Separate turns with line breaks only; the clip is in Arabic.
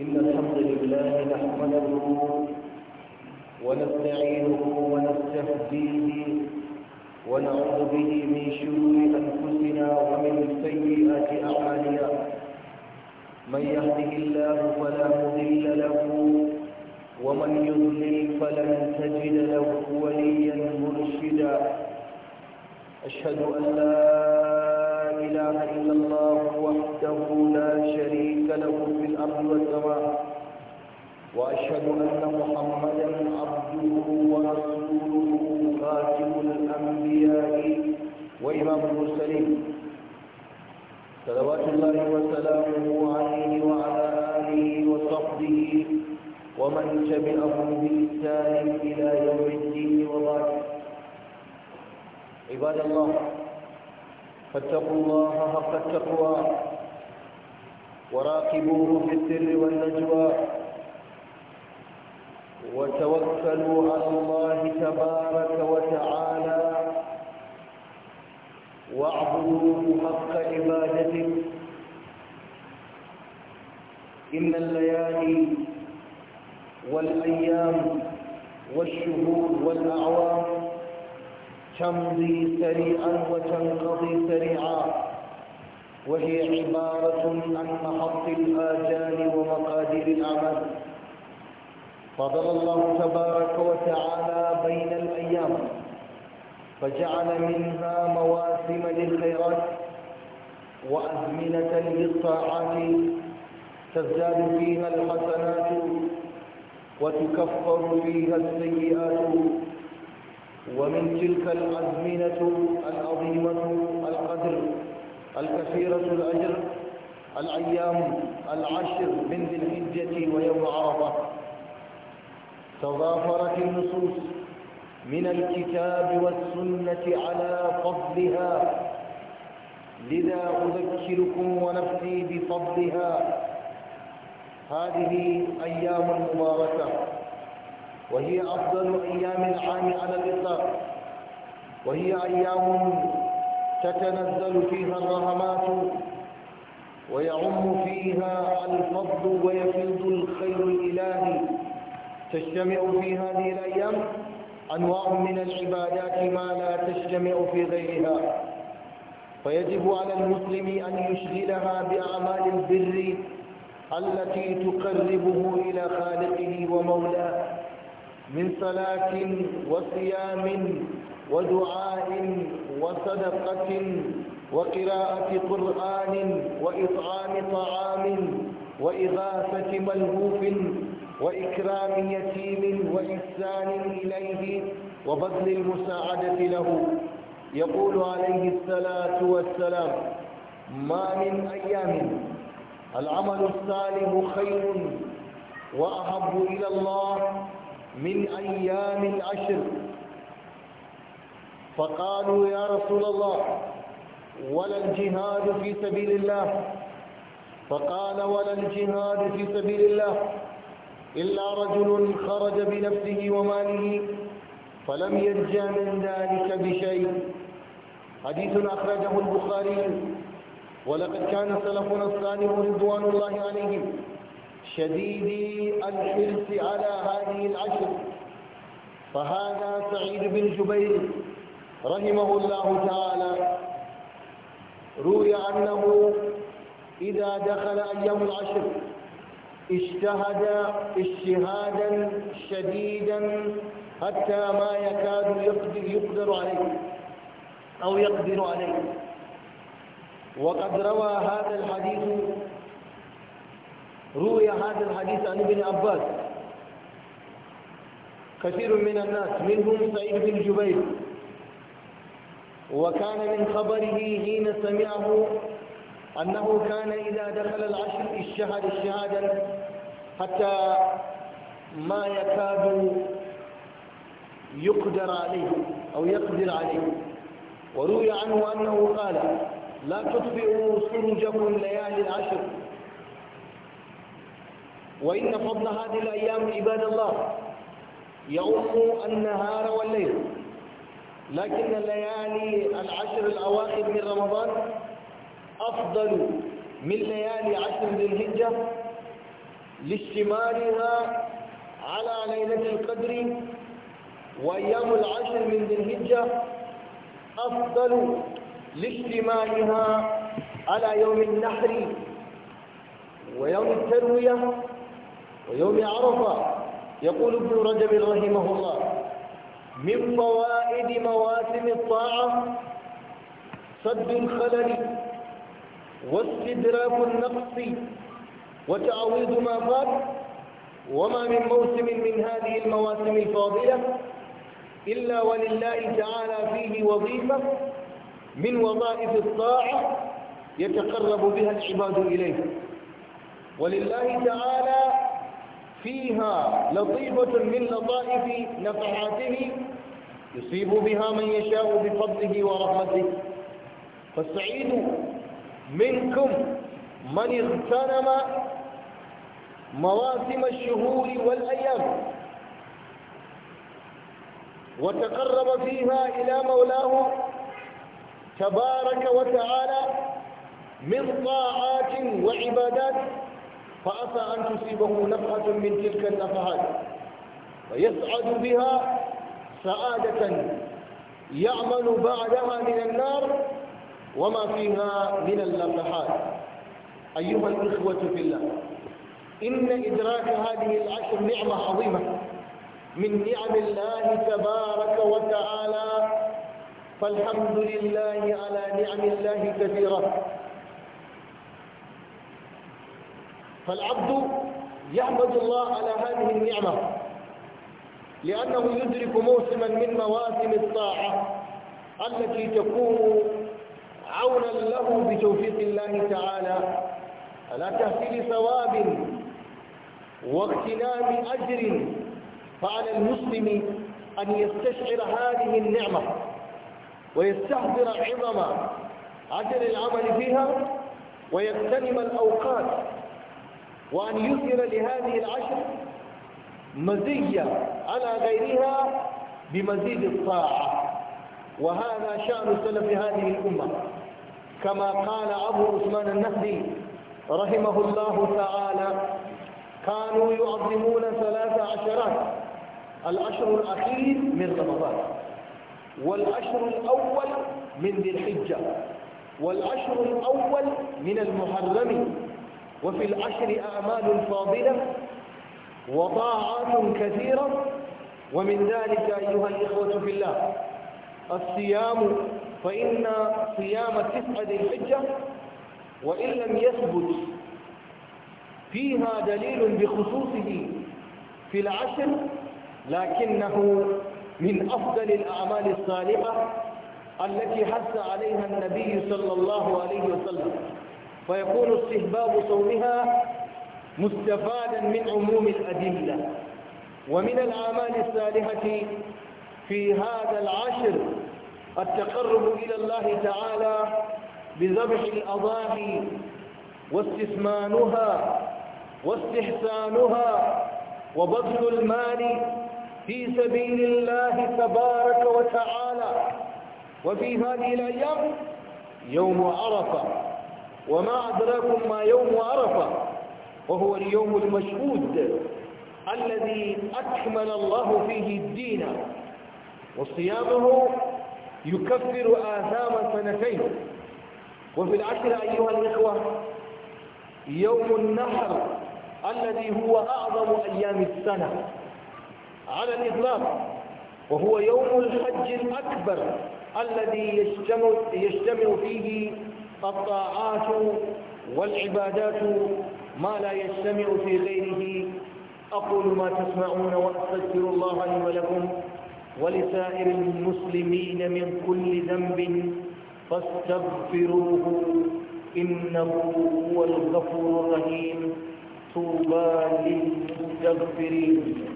إن الحمد لله نحمده ونستعينه ونستهديه ونعوذ به من شرور أنفسنا ومن سيئات أعمالنا من يهده الله فلا مضل له ومن يضلل فلن تجد له وليا مرشدا أشهد أن لا إله إلا الله وحده لا شريك له في الأرض والسماء وأشهد أن محمدا عبده ورسوله خاتم الأنبياء وإمام المرسلين صلوات الله وسلامه عليه وعلى آله وصحبه ومن تبعهم بإحسان إلى يوم الدين وبعد عباد الله فاتقوا الله حق التقوى وراقبوه في السر والنجوى وتوكلوا على الله تبارك وتعالى واعبدوه حق عبادته إن الليالي والأيام والشهور والأعوام تمضي سريعا وتنقضي سريعا وهي عبارة عن محط الآجال ومقادير الأعمال فضل الله تبارك وتعالى بين الأيام فجعل منها مواسم للخيرات وأزمنة للطاعات تزداد فيها الحسنات وتكفر فيها السيئات ومن تلك الأزمنة العظيمة القدر الكثيرة الأجر الأيام العشر من ذي الحجة ويوم عرفة تضافرت النصوص من الكتاب والسنة على فضلها لذا أذكركم ونفسي بفضلها هذه أيام مباركة وهي أفضل أيام العام على الإطلاق وهي أيام تتنزل فيها الرحمات ويعم فيها الفضل ويفيض الخير الإلهي تجتمع في هذه الأيام أنواع من العبادات ما لا تجتمع في غيرها فيجب على المسلم أن يشغلها بأعمال البر التي تقربه إلى خالقه ومولاه من صلاة وصيام ودعاء وصدقة وقراءة قرآن وإطعام طعام وإغاثة ملهوف وإكرام يتيم وإحسان إليه وبذل المساعدة له يقول عليه الصلاة والسلام ما من أيام العمل الصالح خير وأحب إلى الله من أيام العشر فقالوا يا رسول الله ولا الجهاد في سبيل الله فقال ولا الجهاد في سبيل الله إلا رجل خرج بنفسه وماله فلم يرجع من ذلك بشيء حديث أخرجه البخاري ولقد كان سلفنا الصالح رضوان الله عليهم شديد الحرص على هذه العشر فهذا سعيد بن جبير رحمه الله تعالى روي أنه إذا دخل أيام العشر اجتهد اجتهادا شديدا حتى ما يكاد يقدر, يقدر عليه أو يقدر عليه وقد روى هذا الحديث روي هذا الحديث عن ابن عباس كثير من الناس منهم سعيد بن جبير وكان من خبره حين سمعه أنه كان إذا دخل العشر الشهر الشهادة حتى ما يكاد يقدر عليه أو يقدر عليه وروي عنه أنه قال لا تطفئوا سرجكم ليالي العشر وإن فضل هذه الأيام عباد الله يؤم النهار والليل لكن الليالي العشر الأواخر من رمضان أفضل من ليالي عشر ذي الهجة لاشتمالها على ليلة القدر وأيام العشر من ذي الهجة أفضل لاشتمالها على يوم النحر ويوم التروية ويوم عرفة يقول ابن رجب رحمه الله من فوائد مواسم الطاعة سد الخلل واستدراك النقص وتعويض ما فات وما من موسم من هذه المواسم الفاضلة إلا ولله تعالى فيه وظيفة من وظائف الطاعة يتقرب بها العباد إليه ولله تعالى فيها لطيفة من لطائف نفحاته يصيب بها من يشاء بفضله ورحمته فالسعيد منكم من اغتنم مواسم الشهور والأيام وتقرب فيها إلى مولاه تبارك وتعالى من طاعات وعبادات فعسى أن تصيبه نفحة من تلك النفحات فيسعد بها سعادة يعمل بعدها من النار وما فيها من اللفحات أيها الإخوة في الله إن إدراك هذه العشر نعمة عظيمة من نعم الله تبارك وتعالى فالحمد لله على نعم الله كثيرة فالعبد يحمد الله على هذه النعمة لأنه يدرك موسما من مواسم الطاعة التي تكون عونا له بتوفيق الله تعالى على تحصيل ثواب واغتنام أجر فعلى المسلم أن يستشعر هذه النعمة ويستحضر عظم أجر العمل فيها ويغتنم الأوقات وأن يظهر لهذه العشر مزية على غيرها بمزيد الطاعة وهذا شأن سلف هذه الأمة كما قال أبو عثمان النهدي رحمه الله تعالى كانوا يعظمون ثلاث عشرات العشر الأخير من رمضان والعشر الأول من ذي الحجة والعشر الأول من المحرم وفي العشر أعمال فاضلة وطاعات كثيرة ومن ذلك أيها الإخوة في الله الصيام فإن صيام تسعة ذي الحجة وإن لم يثبت فيها دليل بخصوصه في العشر لكنه من أفضل الأعمال الصالحة التي حث عليها النبي صلى الله عليه وسلم فيكون استهباب صومها مستفادا من عموم الأدلة ومن الأعمال الصالحة في هذا العشر التقرب إلى الله تعالى بذبح الأضاحي واستثمانها واستحسانها وبذل المال في سبيل الله تبارك وتعالى وفي هذه الأيام يوم عرفة وما أدراكم ما يوم عرفة وهو اليوم المشهود الذي أكمل الله فيه الدين وصيامه يكفر آثام سنتين وفي العشر أيها الإخوة يوم النحر الذي هو أعظم أيام السنة على الإطلاق وهو يوم الحج الأكبر الذي يجتمع, يجتمع فيه الطاعات والعبادات ما لا يجتمع في غيره أقول ما تسمعون وأستغفر الله لي ولكم ولسائر المسلمين من كل ذنب فاستغفروه إنه هو الغفور الرحيم طوبى للمستغفرين